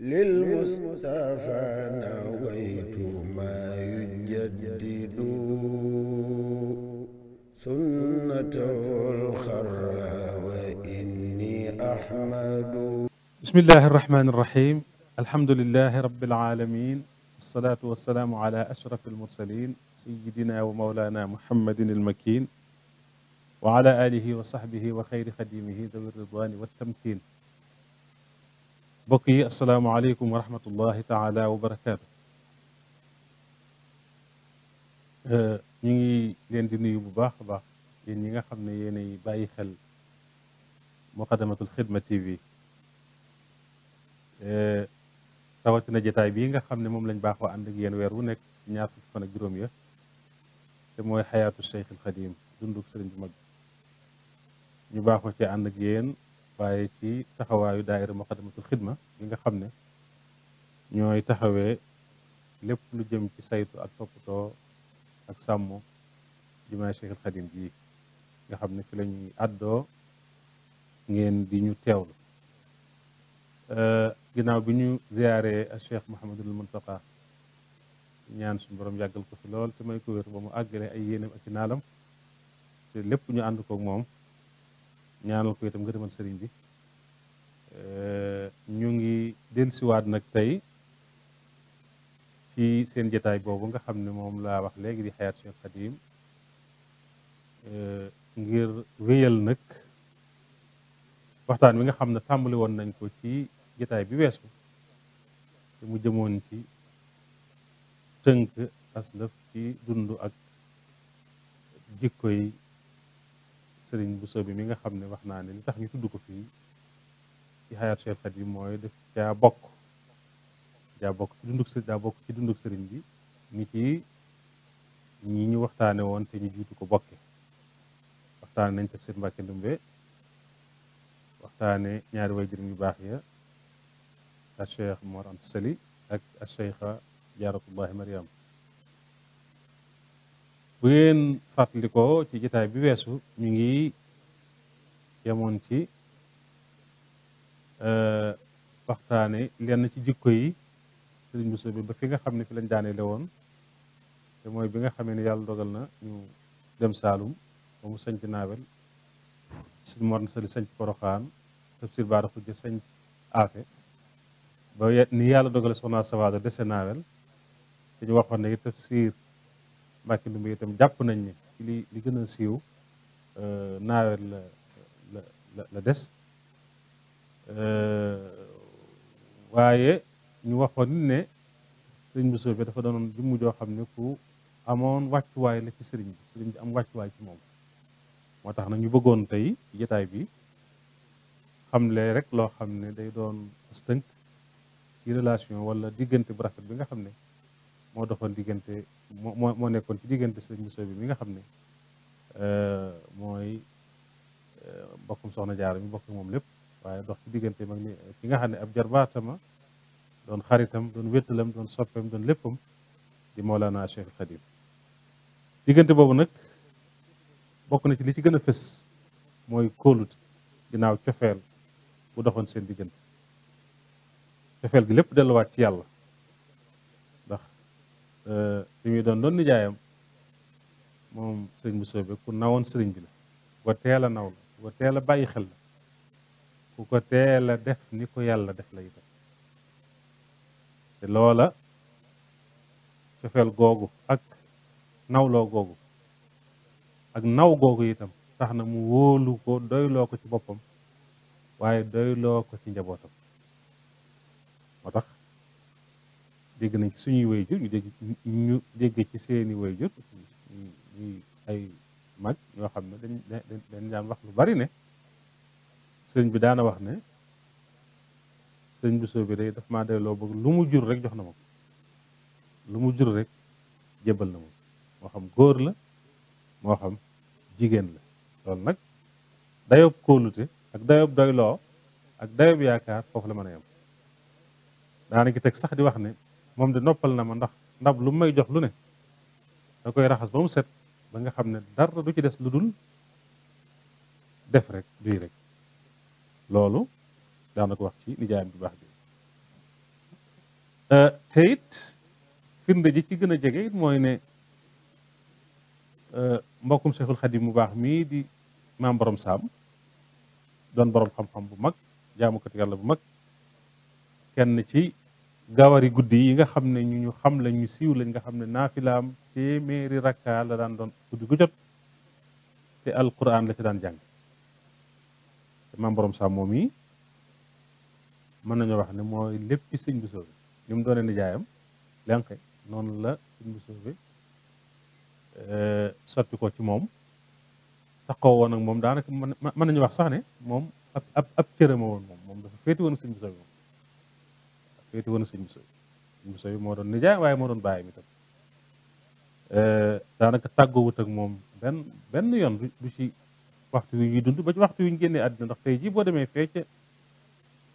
للمصطفى نويت ما يجدد سنته الخرى وإني أحمد بسم الله الرحمن الرحيم الحمد لله رب العالمين الصلاة والسلام على أشرف المرسلين سيدنا ومولانا محمد المكين وعلى آله وصحبه وخير خديمه ذوي الرضوان والتمكين mbokk yi asalaamaaleykum wa rahmatullahi taala wa barakaatu euh, ñu ngi leen nuyu bu baax a baax yéen ñi nga xam ne yéenay bàyyi xel muqaddamatul xidma tv euh, rawatina jataay bii nga xam ne moom lañ baaxoo ànd ak yéen weer wu nekk ñaar fukki fan juróom ya te mooy xayaatu Cheikh al Xadim dunduk sëriñ bu mag ñu baaxoo ci ànd ak yéen waaye ci taxawaayu daayira muqaddamatul xidma yi nga xam ne ñooy taxawee lépp lu jëm ci saytu ak toppatoo ak sàmm jumaa Cheikhul Xadim ji nga xam ne fi lañuy ñuy àddoo ngeen di ñu teewlu euh, ginnaaw bi ñu ziyaaree ak Cheikh Mouhamadul Muntaqa ñaan suñu borom yàggal ko fi lool te may ko wér ba mu àggale ay yéenam ak i naalam te lépp ñu ànd koog moom ñaanal ko itam ngërëmal sëriñ bi eh, ñu ngi dellusiwaat nag tey ci seen jataay boobu nga xam ne moom laa wax léegi di xayaat Cheikh Khadim eh, ngir wéyal nag waxtaan wi nga xam ne tàmbali woon nañ ko ci jataay bi weesu te mu jëmoon ci tënk aslëf ci dund ak jikko yi sëriñ Bousso bi mi nga xam ne wax naa ne li tax ñu tudd ko fii ci xayaat Cheikh Khadim mooy def daa bokk daa bokk ci dunduk daa bokk ci dunduk sëriñ bi ni ci ñi ñu waxtaane woon te ñu jiitu ko bokke waxtaane nañ tafsir Mbàkke Ndumbe waxtaane ñaari way jërëm yu baax ya a Cheikh Mor Anta Sali ak a Cheikha Jaaratullahi Mariam bu ngeen fàttalikoo ci jitaay bi weesu ñu ngi yemoon ci euh, waxtaane lenn ci jikko yi sëriñ Bousso bi ba fi nga xam ne fi lañ daaneele woon te mooy bi nga xamee ne yàlla dogal na ñu dem Saalum ba mu sanc naawel suñ mor na sali sanc Poroxaan tafsir baara xujja sanc aafe ba ni yàlla dogale soxna sawaada dese naawel dañu waxoon ne tafsir Mbàkke Ndumbe itam jàpp nañ ni ci li li gën a siiw euh, naawet la la la des euh, waaye ñu waxoon ne sëriñ Bousso bi dafa doonoon jëmm joo xam ne ku amoon wàccuwaay la ci sëriñ bi sëriñ bi am wàccuwaay ci moom moo tax na ñu bëggoon tey jataay bi xamle rek loo xam ne day doon stënk ci relation wala diggante bu rafet bi nga xam ne moo doxoon diggante moo moo nekkoon ci diggante sëriñ Bousso bi mi nga xam ne euh, mooy euh, bokkum soxna jaar mi bokk moom lépp waaye dox ci diggante mag ni ki nga xam ne ab jarbaatama doon xaritam doon wéttalam doon soppeem doon léppam di Mawlana Cheikh Khadim diggante boobu nag bokk na ci li ci gën a fës mooy kóolut ginnaaw cofeel bu doxoon seen diggante cofeel gi lépp delluwaat ci yàlla Euh, li muy doon doon nijaayam moom sëriñ bu soobee ku nawoon sëriñ bi la ku ko teel a naw la ku ko teel a bàyyi xel la ku ko teela def ni ko yàlla def la itam te loola cofeel googu ak nawloo googu ak naw googu itam tax na mu wóolu ko doyloo ko ci boppam waaye doyloo ko ci njabootam moo dégg nañ ci suñuy waajur ñu dégg ci seeni waajur ñuy ay mag ñoo xam ne dañ dañ daan wax lu bari ne sëriñ bi daana wax ne sëriñ bu soobi day daf ma delloo bëgg lu mu jur rek jox na ma ko lu mu jur rek jëbal na ma moo xam góor la moo xam jigéen la loolu nag dayob kóolute ak dayob doyloo ak dayob yaakaar foofu la mën a yem daana teg sax di wax ne moom de noppal na ma ndax ndab lu may jox lu ne da koy raxas ba mu set ba nga xam ne dara du ci des lu dul def rek duy loolu daana ko wax ci nijaayam bu baax bi euh, te it firnde ji ci gën a jege it mooy ne euh, mbokkum Seexul Xadim mu baax mii di maam borom saam doon borom xam-xam bu mag jaamukati yàlla bu mag kenn ci gawari guddi yi nga xam ne ñu ñu xam lañ ñu siiw lañ nga xam ne naafilaam téeméeri rakka la daan doon guddi gu jot te alquran la ci daan jàng te maam borom saa moom yi mën nañoo wax ne mooy léppi sëñ bu soobe ni doon doonee nijaayam lenk noonu la sëñ bu soobe eh, sotti ko ci moom taxaw woon ak moom daanaka mën nañu wax sax ne moom ab ab ab cërëma woon moom moom dafa féeti woon sëñ bu soobe féete woon sëñ Bousso sëñ Bousso moo doon nijaay waaye moo doon bàyyi mi tam euh, daanaka tàggoowut ak moom benn benn yoon du ci waxtu wi ñuy dund ba ci waxtu wi ñu génnee àddina ndax tey jii boo demee fee ca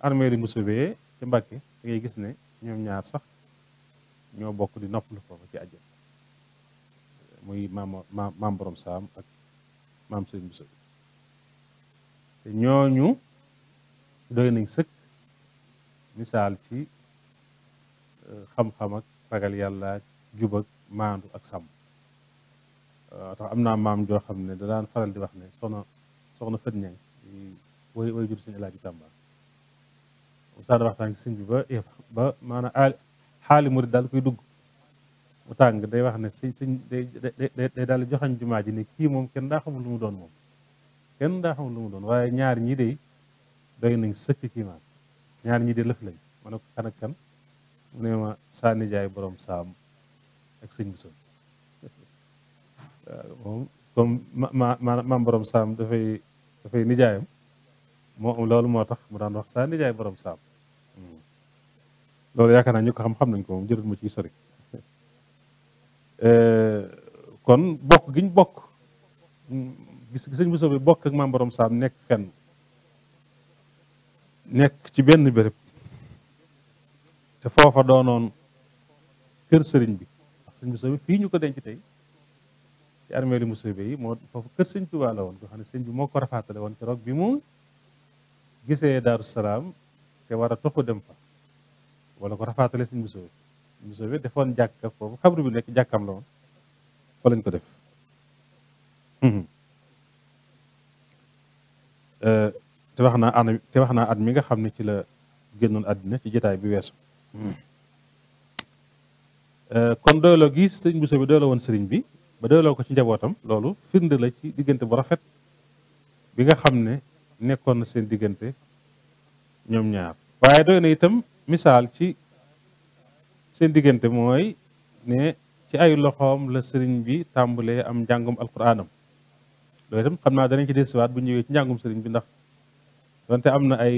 armée li Bousso bee ca Mbàkke ngay gis ne ñoom ñaar sax ñoo bokk di noppalu foofu ci àjjana muy maam maam saam ak maam sëñ doy nañ sëkk misaal ci xam-xam ak ragal yàlla jub ak maandu ak sàmm tax am naa maam joo xam ne da daan faral di wax ne soxna soxna fët ñang way way jur suñu Alaaji Tàmba mu saan ba eh, ba maanaam xaali murid daal koy dugg mu tàng day wax ne sëñ sëñ day day daal joxañ jumaa ji ne kii moom kenn daa xamul lu mu doon moom kenn daa xamul lu mu doon waaye ñaar ñii de doy nañ sëkk kii maam ñaar ñii de lëf lañ ma ne ko kan nee ma saa nijaay borom saam ak sëñ bi son waaw moom comme ma ma maam borom saam dafay dafay nijaayam moo loolu moo tax mu daan wax saa nijaay boroom saam hmm. loolu yaakaar naa ñu ko xam-xam nañ ko moom jërët ma ciy sori eh, kon bokk giñ bokk gis sëñ bi bokk ak maam borom saam nekk fenn nekk ci benn béréb te foofa doonoon kër sëriñ bi ndax sëñ Musaa bi fii ñu ko denc tey ci armeelu Musaa bi yi moo foofu kër sëñ Tuubaa la woon nga xam ne sëñ bi moo ko rafaatale woon keroog bi mu gisee Daaru Salaam te war a topp dem fa walla ko rafaatale sëñ Musaa bi bi defoon jàkka foofu xabru bi nekk jàkkam la woon fa lañ ko def euh, te wax naa an te wax naa at mi nga xam ne ci la génnoon àddina ci jotaay bi weesu Euh, kon doyloo gi sëñ Bousso bi doyloo woon sëriñ bi ba doyloo ko ci njabootam loolu firnde la ci diggante bu rafet bi nga xam ne nekkoon na seen diggante ñoom ñaar waaye doy na itam misaal ci seen diggante mooy ne ci ay loxoom la sëriñ bi tàmbalee am njàngum alquraanam loolu itam xam naa danañ ci desiwaat bu ñëwee ci njàngum sëriñ bi ndax donte am na ay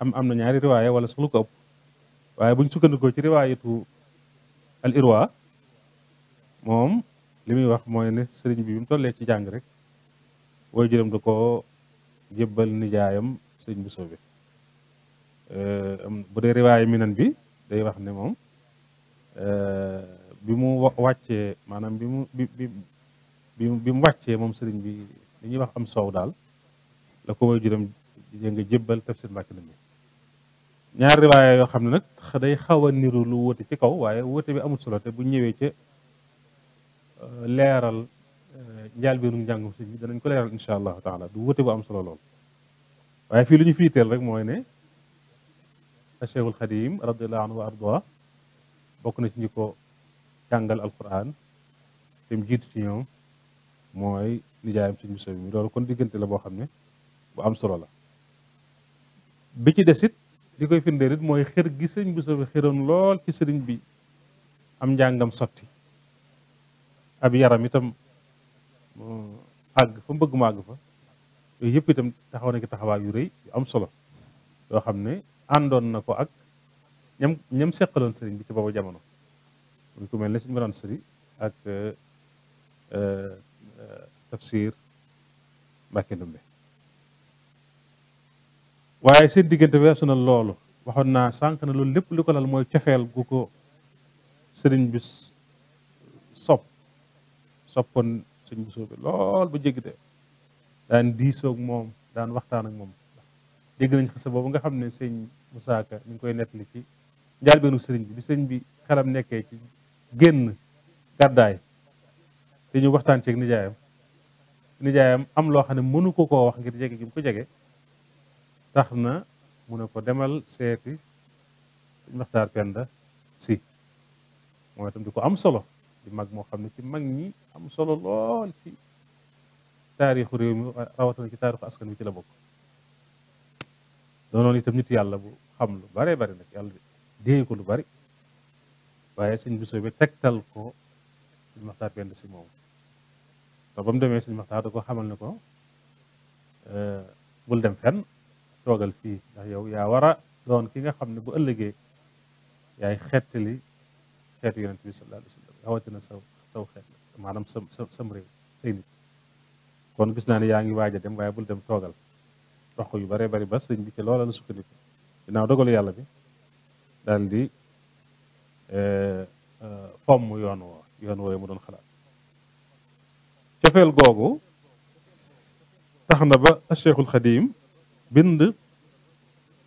am am na ñaari riwaaya wala sax lu ko ëpp waaye buñ sukkandikoo ci riwaayatu al irwa moom li muy wax mooy ne sëriñ bi bi mu tollee ci jàng rek wooy jërëm da ko jébbal nijaayam sëriñ bu soobe euh, bu dee riwaaye minan bi day wax ne moom euh, bi mu wàccee maanaam bi mu bi wàccee moom sëriñ bi li ñuy wax am soow daal la ko wooy jërëm jënga jébbal tafsir mbàkki na mi ñaar riwaaya yoo xam ne nag day xaw a niru lu wóote ci kaw waaye wóote bi amul solo te bu ñëwee ca euh, leeral euh, njaal biiru njàngum si bi danañ ko leeral insha allahu taala du wóote bu am solo lool waaye fii lu ñu fiiteel rek mooy ne Cheikhul Xadim radiallahu anhu wa ardaa bokk na ci ñi ko jàngal alquran te mu jiitu ci ñoom mooy nijaayam suñ musa bi loolu kon diggante la boo xam ne bu am solo la bi ci desit li koy firndeel it mooy xër gi sëriñ bu soobee xëroon lool ci sëriñ bi am njàngam sotti ab yaram itam àgg fa mu bëgg fa yooyu yëpp itam taxaw na ki taxawaay yu rëy yu am solo yoo xam ne àndoon na ko ak ñam ñam seqaloon sëriñ bi ci boobu jamono muy ku mel ne suñu mënoon sëri ak euh, euh, tafsir Mbàkke Ndumbe waaye seen diggante weesu na loolu waxoon naa sànq na loolu lépp li ko lal mooy cofeel gu ko sëriñ bi sopp soppoon sëriñ bi soobe lool ba jéggi de daan diisoog moom daan waxtaan ak moom dégg nañ xase boobu nga xam ne sëñ Moussa Ka mi ngi koy nettali ci njaal sëriñ bi bi sëriñ bi xelam nekkee ci génn gàddaay te ñu waxtaan ceeg nijaayam nijaayam am loo xam ne mënu ko koo wax ngir jege gi mu ko jege tax na mu ne ko demal seeti Maxtaar Penda si moom itam di ko am solo di mag moo xam ne ci mag ñi am solo lool ci taarixu réew mi rawatina ci taarixu askan wi ci la bokk doonoon itam nit yàlla bu xam lu bare bari nag yàlla déey ko lu bari waaye sëñ Bousso bi tegtal ko sëñ Maxtaar Penda si moom ba mu demee sëñ Maxtaar da ko xamal ne ko euh, bul dem fenn toogal fii ndax yow yaa wara a doon ki nga xam ne bu ëllëgee yaay xettali xeetu yonent bi sallallahu alayhi wa sallam rawatina saw saw xeet la maanaam sam sa sam kon gis naa ne yaa ngi waaj a dem waaye bul dem toogal wax ko yu bare bari ba sëñ bi ci loola la sukkandiku ginnaaw dogalu yàlla bi daal di eh, eh, fomm yoon woo yoon wooyu mu doon xalaat cofeel googu tax na ba Cheikhul Xadim bind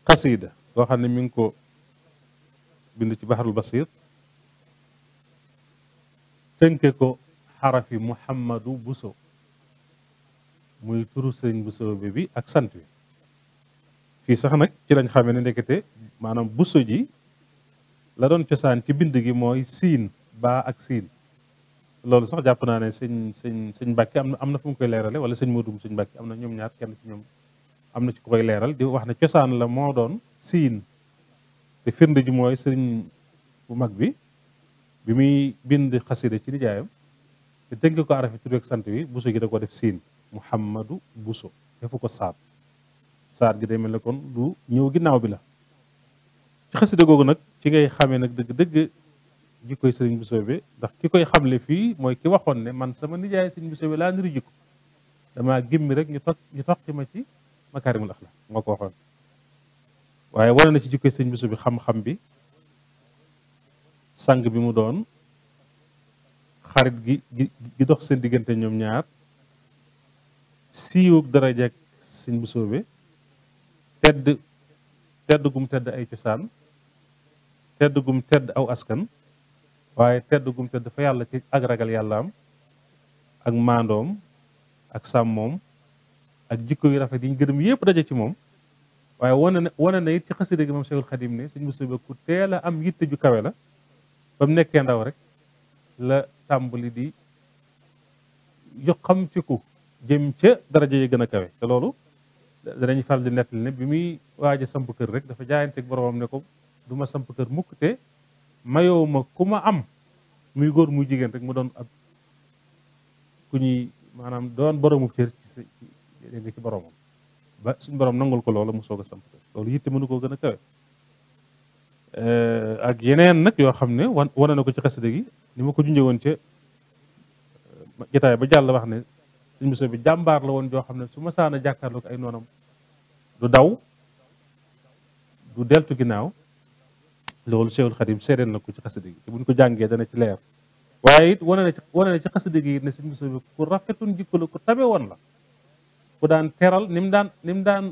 xasiida koo xam ne mi ngi ko bind ci baxarul basir tënke ko xarafi muhammadu buso muy turu sëñ buso bi bi ak sant wi fii sax nag ci lañ xame ne ndekete maanaam buso ji la doon cosaan ci bind gi mooy siin baa ak siin loolu sax jàpp naa ne sëñ sëñ sëñ Mbàkke am na am na fu mu koy leerale wala sëñ Modou sëñ Mbàkke am na ñoom ñaar kenn ci ñoom am na ci koy leeral di wax na cosaan la moo doon siin te firnde ji mooy sëriñ bu mag bi bi muy bind xasida ci nijaayam te tënk ko arafi tudd ak sant wi buso gi da ko def siin mu muhammadu buso fu ko saat saat gi day mel ne kon du ñëw ginnaaw bi la ci xasida googu nag ci ngay xamee nag dëgg dëgg jikko koy sëriñ buso bi ndax ki koy xamle fii mooy ki waxoon ne man sama nijaay sëriñ buso bi laa niru jikko damaa gimmi rek ñu toog ñu toog ma ci makaarimul axlaaq moo ko waxoon waaye wane ci jikko sëñ Buso bi xam-xam bi sang bi mu doon xarit gi gi dox seen diggante ñoom ñaar siiwug daraja ak sëñ Buso bi tedd tedd gum tedd ay cosaan tedd gum tedd aw askan waaye tedd gum tedd fa yàlla ci ak ragal yàllaam ak maandoom ak sàmmoom ak jikko yu rafet yi ñu gërëm yëpp daje ci moom waaye wane na wane na it ci xasida gi moom Cheikhul Khadim ne sëñ Musaa Ba ku teel a am yitte ju kawe la ba nekkee ndaw rek la tàmbali di yoxam ci ku jëm ca daraja yi gën a kawe te loolu danañ faral di nettali ne bi muy waaj a samp kër rek dafa jaayanteeg boromam ne ko duma ma samp kër mukk te mayoo ma am muy góor muy jigéen rek mu doon ab ku ñuy maanaam doon boromu cër dégg nga ci boromam ba suñ borom nangul ko loola mu soog a samp loolu yitte mënu koo gën a kawe eh, ak yeneen nag yoo xam ne wan wane na ko ci xasida gi ni ma ko junjee woon ca eh, jotaay ba jàll wax ne suñ biso bi jàmbaar la woon joo xam ne su ma saan a jàkkaarloo ay noonam du daw du deltu ginnaaw loolu Seexul Xadim seedeel na ko ci xasida gi te ko jàngee ci leer waaye it na ci wane na ci xasida gi ne suñ biso bi ku rafetun jikko la ku tabe woon la bu daan teral ni mu daan ni daan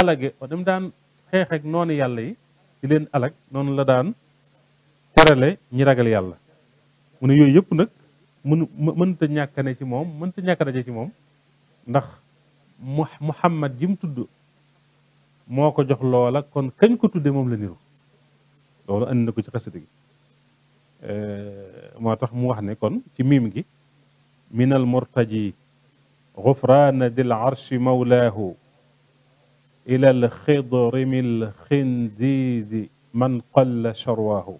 alage ni daan xeexeek noonu yàlla yi di leen alag noonu la daan terale ñi ragal yàlla mu ne yooyu yëpp nag mënu mënta ñàkk ne ci moom mënta ñàkk daje ci moom ndax mu Muhammad ji tudd moo ko jox loola kon kañ ko tudde moom la niru loolu andi na ko ci xasida gi moo tax mu wax ne kon ci miim gi minal murtaji غفران ذي العرش مولاه إلى الخضر من الخنديد من قل شرواه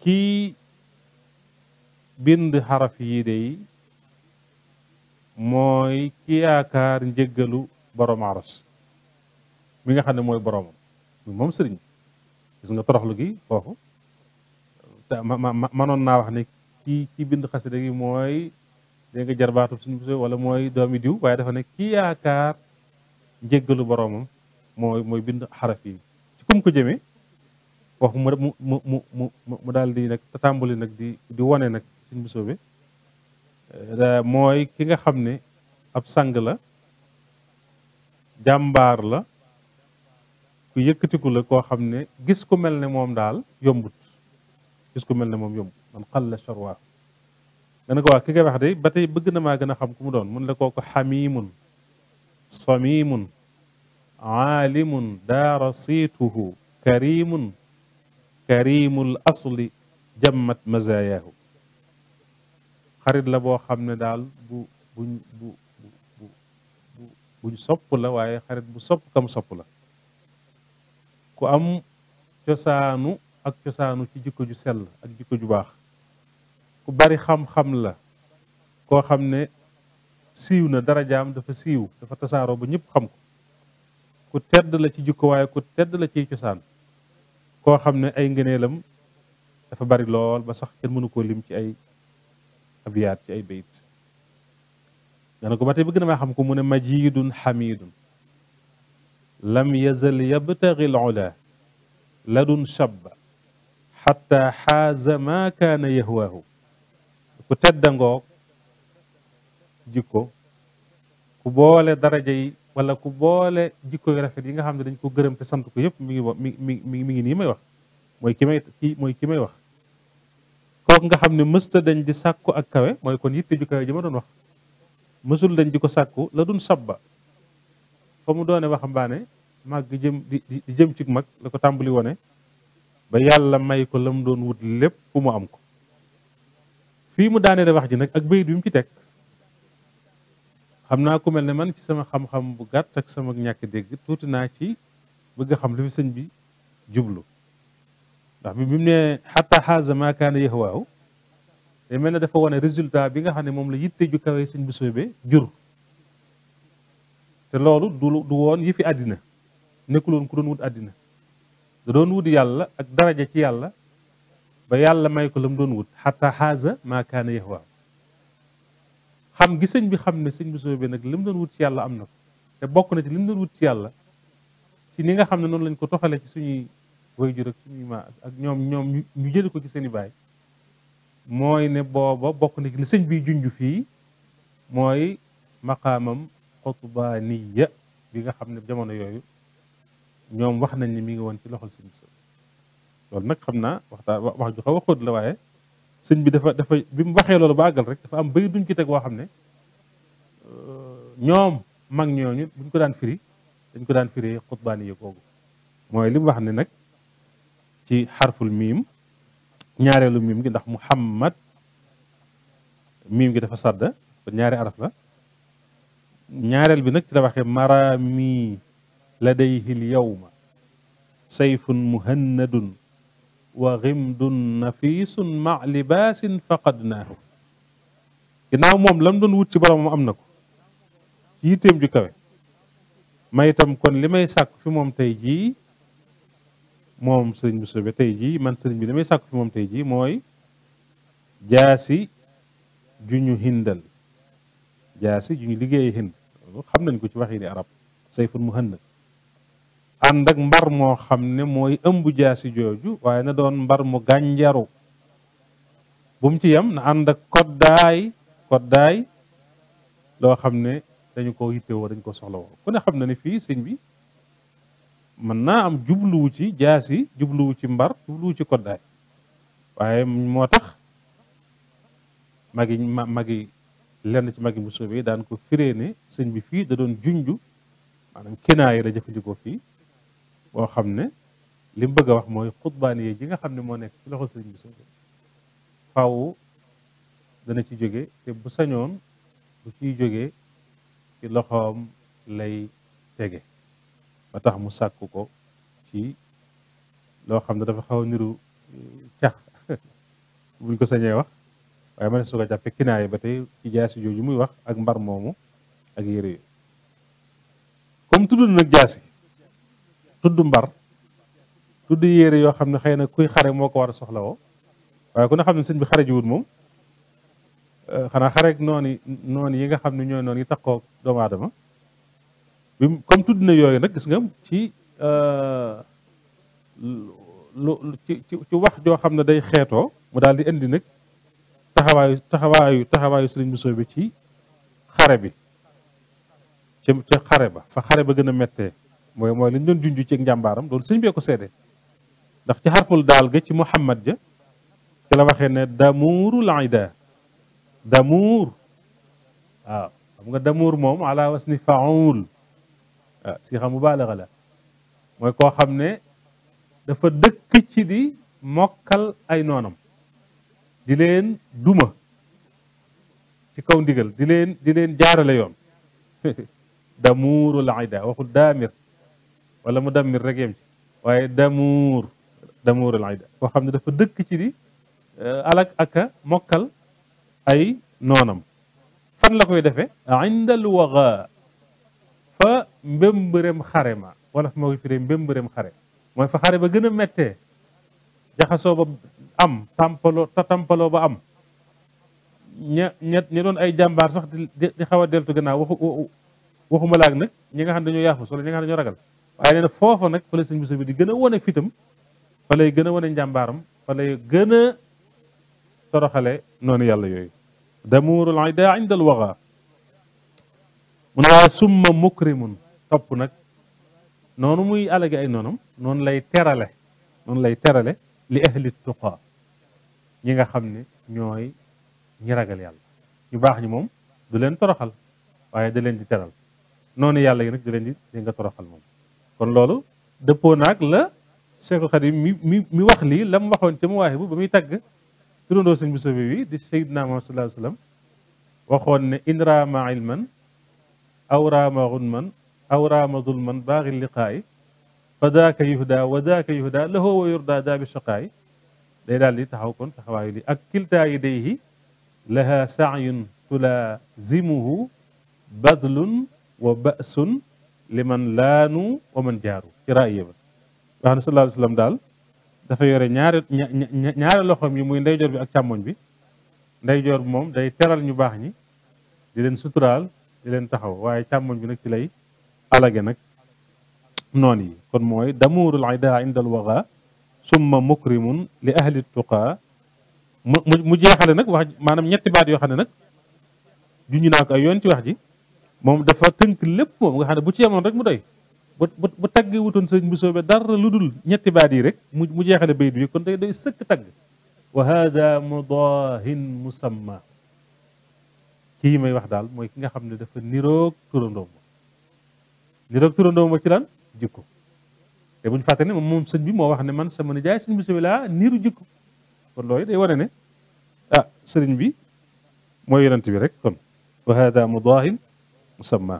kii bind xaraf yi dey mooy ki yaakaar njëggalu borom aras mi nga xam ne mooy boromam moom sëriñ gis nga toroxlu gi foofu te ma ma mënoon naa wax ne kii ki bind xasida gi mooy dégg nga jarbaatu suñu buso wala mooy doomi diw waaye dafa ne ki yaakaar njéggalu boroomam mooy mooy bind xaraf yi ci kum ko jëmee wax mu mu mu mu mu daal di nag tàmbali nag di di wane nag suñu buso bi eh, mooy ki nga xam ne ab sang la jàmbaar la ku yëkkatiku la koo xam ne gis ku mel ne moom daal yombut gis ku mel ne moom yombut man xal la charwaa dana ko wax ki koy wax de ba tey bëgg na maa gën a xam ku mu doon mun la kooku xamimun samimun aalimun daarasituhu karimun karimul asli jammat mazaayahu xarit la boo xam ne daal bu buñ bu bu buñ sopp la waaye xarit bu sopp kam sopp la ku am cosaanu ak cosaanu ci jikko ju sell ak jikko ju baax ku bari xam-xam la koo xam ne siiw na dara jaam dafa siiw dafa tasaaroo bu ñëpp xam ko ku tedd la ci jikko waaye ku tedd la ci cosaan koo xam ne ay ngëneelam dafa bari lool ba sax kenn mënu koo lim ci ay abiyaat ci ay bayit dana ko ba tey bëgg na maa xam ko mu ne majidun xamidun lam yazal yabtagi al ula ladun shabba xatta xaaza ma kaana yahwaahu ku tedd ngoog jikko ku boole daraja yi wala ku boole jikko yu rafet yi nga xam ne dañ ko gërëm sant ko yëpp mi ngi mi mi mi ngi nii may wax mooy ki may kii mooy ki may wax kooku nga xam ne mësta dañ di sàkku ak kawe mooy kon yitte ju kawe ji ma doon wax mësul dañ di ko sàkku la dun sabba fa mu doone waxambaane màgg jëm di jëm ci mag la ko tàmbali wone ba yàlla may ko mu doon wut lépp mu am ko fii mu daanee de wax ji nag ak bayit bi mu ci teg xam naa ku mel ne man ci sama xam-xam bu gàtt ak sama ñàkk dégg tuuti naa ci bëgg xam li sëñ bi jublu ndax bi mu ne xataa xaaza maa kaana yahwaahu te mel na dafa wone résultat bi nga xam ne moom la yitte ju kawe sëñ bu soobee jur te loolu du du woon yi fi àddina nekkuloon ku doon wut àddina da doon wut yàlla ak daraja ci yàlla ba yàlla may ko la mu doon wut xata xaaza maa kaana yahwa xam gi sëñ bi xam ne sëñ bu soobee nag li mu doon wut ci yàlla am na ko te bokk na ci li mu doon wut ci yàlla ci ni nga xam ne noonu lañ ko toxalee ci suñuy waajur ak suñuy ma ak ñoom ñoom ñu jële ko ci seen i baay mooy ne booba bokk na ci li sëñ bi junj fii mooy maqaamam xutbaaniya bi nga xam ne jamono yooyu ñoom wax nañ ni mu ngi woon ci loxol sëñ bi loolu nag xam naa waxtaan wax ju xaw a xóot la waaye sëñ bi dafa dafa bi mu waxee loolu ba àggal rek dafa am bay duñ ci teg woo xam ne ñoom mag ñooñu buñ ko daan firi dañ ko daan firi xutbaani yi googu mooy li wax ni nag ci xarful miim ñaareelu miim gi ndax muhammad miim gi dafa sadda kon ñaari araf la ñaareel bi nag ci la waxee marami ladayhi l yawma sayfun muhannadun wa ghimdun nafisun ma libaasin faqadnaahu ginnaaw moom lam doon wut ci boromam am na ko ci yitteem ju kawe may itam kon li may sàkk fi moom tey jii moom sëriñ bu soobee tey jii man sëriñ bi li may sàkk fi moom tey jii mooy jaasi ju ñu hindal jaasi ju ñu liggéey hind xam nañ ko ci waxi ni arab mu muhannad ànd ak mbar moo xam ne mooy ëmb jaasi jooju waaye na doon mbar mu gànjaru bu ci yem na ànd ak koddaay koddaay loo xam ne dañu ko yittewoo dañu ko soxla woo ku xam na ne fii señ bi mën naa am jubluwu ci jaasi jubluwu ci mbar jubluwu ci koddaay waaye moo tax magi magi lenn ci magi musubi daan ko firee ne sëñ bi fii da doon junju maanaam kinaay la jëfandikoo fii boo xam ne li bëgg a wax mooy xutbaani yi ji nga xam ne moo nekk ci loxo sëriñ bi suñ faaw dana ci jóge te bu sañoon bu ciy jógee ci loxoom lay tege ba tax mu sàkk ko ci loo xam ne dafa xaw a niru eh, cax buñ ko sañee wax waaye ma ne su ko jàppee ba tey ci jaasi jooju muy wax ak mbar moomu ak yére yi comme tudd nag jaasi tudd mbar tudd yére yoo xam ne xëy na kuy xare moo ko war a soxla woo waaye ku ne xam ne sëñ bi xare ji wut moom eh, xanaa xare ak noonu yi nga xam ne ñooy noonu yi taxoo doomu aadama bi comme tudd na yooyu nag gis nga ci eh, lu wax joo xam ne day xeetoo mu daal di indi nag taxawaayu taxawaayu taxawaayu sëriñ Bousso bi ci xare bi ca xare ba fa xare ba gën a mettee mooy mooy lañ doon junj ci njàmbaaram loolu sëñ bee ko seede ndax ci xarful daal ga ci muhammad ja ci la waxee ne damuuru laida damuur waaw xam nga damuur moom ala wasni ni waaw si xam mubaalaga la mooy koo xam ne dafa dëkk ci di mokkal ay noonam di leen duma ci kaw ndigal di leen di leen jaarale yoon damuurul aida waxul daamir wala mu dammir rek yem ci waaye damuur damuur al koo xam ne dafa dëkk ci di euh, alak aka mokkal ay noonam fan la koy defee indal waga fa mbémbërem xare ma wala fa moo koy firee xare mooy fa xare ba gën a mettee jaxasoo ba am tampaloo tampaloo ba am ña ña ña doon ay jàmbaar sax di xaw a deltu gannaaw waxu waxuma laag nag ñi nga xam dañoo yaafus wala ñi nga xam dañoo ragal waaye nee na foofa nag fa la sëñ Bousso di gën a wone fitam fa lay gën a wane njàmbaaram fa lay gën a toroxale noonu yàlla yooyu damuurul ida inda al waga mu ne waa summa mukrimun topp nag noonu muy alage ay noonam noonu lay terale noonu lay terale li ahli tuqa ñi nga xam ne ñooy ñi ragal yàlla ñu baax ñi moom du leen toroxal waaye da leen di teral noonu yàlla yi nag du leen di di nga toroxal moom kon loolu dëppoo naag la Seexul Xadim mi mi mi wax lii la mu waxoon ca mu waaxe bu ba muy tagg turandoo sëñ bu sobe wi di sayyidnaa Muhammad sallallaahu alayhi wa sallam waxoon ne in raama ilman aw raama gunman aw raama zulman baaxi liqaayi fa daaka yuhda wa daaka yuhda lahoo wa yurda daa bi shaqaayi day daal di taxaw kon taxawaayu li ak kiltaa yi day yi laha saayun tulaazimuhu badlun wa basun li man laanu wa man jaaru ci raaya ba wax na sallallahu alayhi wa sallam daal dafa yore ñaari ñaari loxoom yi muy ndeyjoor bi ak càmmoñ bi ndeyjoor bi moom day teral ñu baax ñi di leen suturaal di leen taxaw waaye càmmoñ bi nag ci lay alage nag noon yi kon mooy damuurul ida indal waga summa mukrimun li ahli tuqaa mu mu jeexale nag wax maanaam ñetti baat yoo xam ne nag juñu naa ko ay yoon ci wax ji moom dafa tënk lépp moom nga xam ne bu ci yemoon rek mu doy bu bu tagg wutoon sëñ bu soobee dara lu dul ñetti baat yi rek mu mu jeexale bayit bi kon day doy sëkk tagg wa hada mudahin musamma kii may wax daal mooy ki nga xam ne dafa niroog turandoom ba niroog turandoom ba ci lan jikko te buñu fàtte moom moom bi moo wax ne man sama jaay sëñ bu soobee laa niru jikko kon loolu day wane ne ah sëriñ bi mooy yonent bi rek kon wa hada mudahin musamma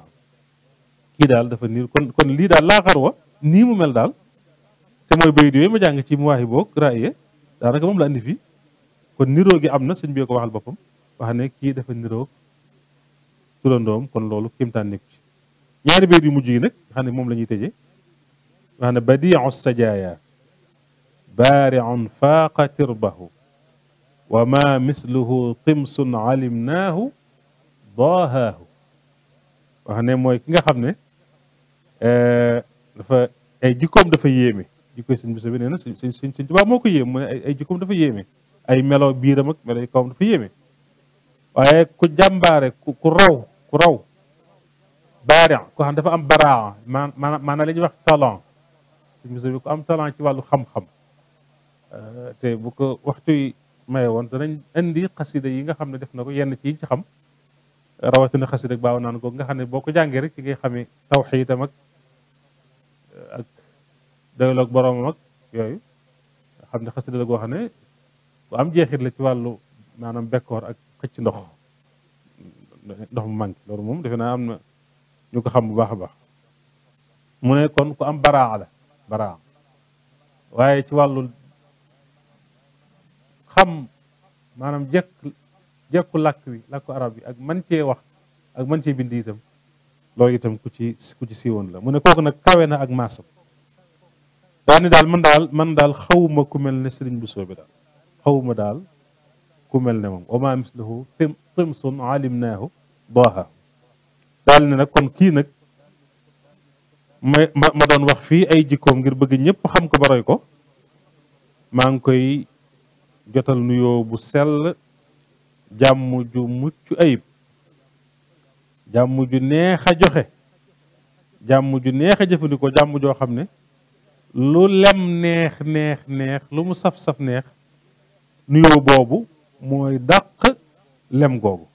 kii daal dafa niir kon kon lii daal laaxar wa nii mu mel daal te mooy bayit yooyu ma jàng ci muwaahi boog raaye daanaka moom la andi fii kon niroo gi am na sëñ bi ko waxal boppam wax ne kii dafa niroo turandoom kon loolu kéemtaan nekku ci ñaari bayit yu mujj yi moom la ñuy tëjee wax ne badiu sajaaya baariun faaqa tirbahu wa ma misluhu qimsun alimnaahu daahaahu wax mooy ki nga xam ne euh, dafa ay jikkoom dafa yéeme jikko sëñ Bousso bi nee na sëñ sëñ sëñ Tuubaa moo ko yéem mu ne ay jikkoom dafa yéeme ay melo biiram ak melo kawam dafa yéeme waaye ku jàmbaare ku raw ku raw baari ku xam dafa am baraa maanaam maanaam la ñuy wax talent sëñ Bousso bi ku am talent ci wàllu xam-xam euh, te bu ko waxtu yi maye woon danañ indi xasida yi nga xam ne def na ko yenn ci yi ci xam rawatina xasida ak baaw naan googu nga xam ne boo ko jàngee rek ci ngay xamee tawxiidam ak ak doyloog boroomam ak yooyu nga xam ne xasida la goo xam ne boo am jeexit la ci wàllu maanaam bekkoor ak xëcc ndox ndox mu manqué loolu moom defe naa am na ñu ko xam bu baax a baax mu ne kon ku am baraax la baraa waaye ci wàllu xam maanaam jekk jekku làkk wi làkku arab bi ak man cee wax ak man cee bind itam loolu itam ku ci ku siiwoon la mu ne kook nag kawe na ak maasam daani daal man daal man daal xawma ku mel ne sëriñ bu soobe daal xawma daal ku mel ne moom wama mislahu timsun alimnaahu daaha daal ne nag kon kii nag ma ma doon wax fii ay jikkoom ngir bëgg ñépp xam ko ba roy ko maa ngi koy jotal nuyoo bu sell jàmm ju mucc ayib jàmm ju neex a joxe jàmm ju neex a jëfandikoo jàmm joo xam ne lu lem neex neex neex lu mu saf-saf neex nuyoo boobu mooy dàq lem googu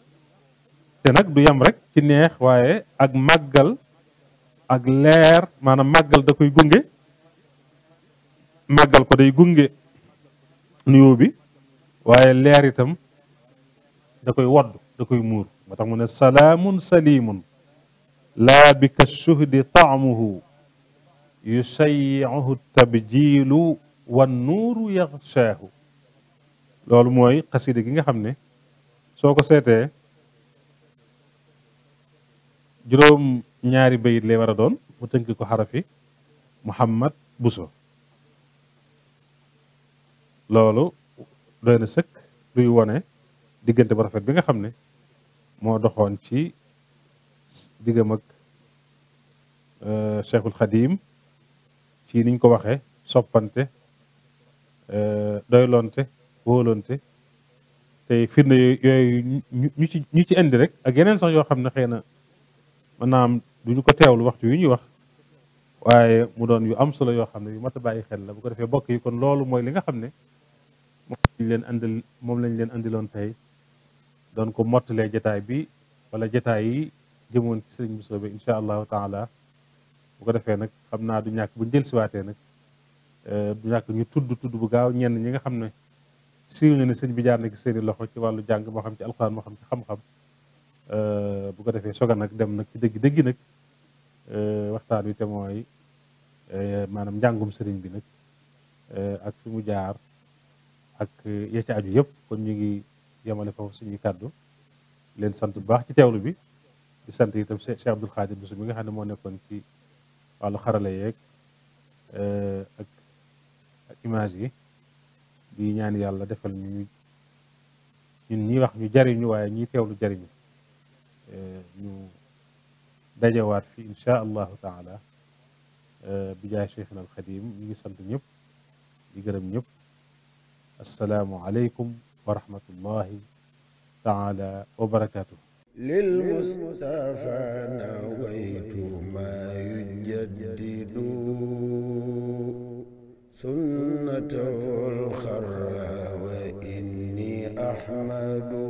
te nag du yem rekk ci neex waaye ak màggal ak leer maanaam màggal da koy gunge màggal ko day gunge nuyoo bi waaye leer itam da koy wodd da koy muur moo tax mu ne salaamun salimun laa bika shuhdi taamuhu yusayiuhu tabjilu wan nuuru yaxshaahu loolu mooy xasida gi nga xam ne soo ko seetee juróom ñaari bayit lay war a doon mu tënk ko xarafi Muhammad Buso loolu doy na sëkk luy wone diggante bu rafet bi nga xam ne moo doxoon ci diggam mag euh, Cheikhul Khadim ci niñ ko waxee soppante euh, doylonte wóolonte tey firnde yooyu ñu ci ñu ci indi rek ak yeneen sax yoo xam ne xëy na maanaam duñu ko teewlu waxtu yu ñuy wax waaye mu doon yu am solo yoo xam ne yu mat a bàyyi xel la bu ko defee bokk yi kon loolu mooy li nga xam ne moom lañ leen andil moom lañ leen andiloon tey doon ko mottalee jataay bi wala jataay yi jëmoon ci sëriñ Bousso bi incha allahu taala bu ko defee nag xam naa du ñàkk bu buñ jël siwaatee nag euh, du ñàkk ñu tudd tudd bu gaaw ñenn ñi nga xam ne siiw na ne sëñ bi jaar na ci loxo ci wàllu jàng moo xam ci alxuraan moo xam ci xam-xam euh, bu ko defee soga nag dem nag ci dëgg dëgg nag euh, waxtaan wi te mooy maanaam njàngum sëriñ bi nag ak fi mu jaar ak ya ca aju yëpp kon ñu ngi yemale foofu suñuy kàddu leen sant bu baax ci teewlu bi sant itam Cheikh Abdoul Khadir Bousso mi nga xam ne moo nekkoon ci wàllu xarala yeeg eh, ak ak image yi di ñaan yàlla defal ñu ñun ñi wax ñu jariñu waaye ñi teewlu jariñu eh, ñu dajawaat fi insha allahu taala eh, bi jaay Cheikhna al Xadim ñu ngi sant ñëpp di gërëm ñëpp asalaamu aleykum wa rahmatullahi taala wa barakaatuhu للمصطفى نويت ما يجدد سنته الخرى وإني أحمد